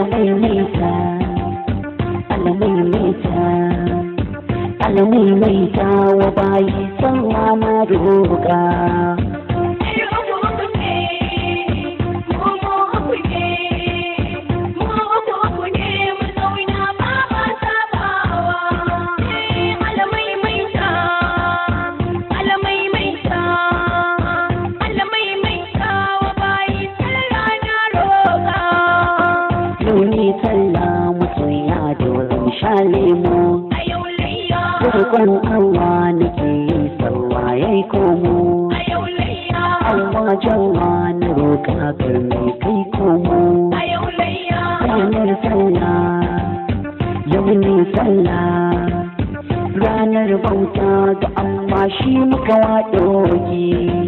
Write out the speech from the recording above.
almaimaita almaimaita almaimaita wa bayi sallama roƙa roƙon Allah nake sallah yayi komo Allah jawa na roƙa kar mai kai komo ranar sallah yau ne sallah ranar bauta ga Allah shi muka waɗoki.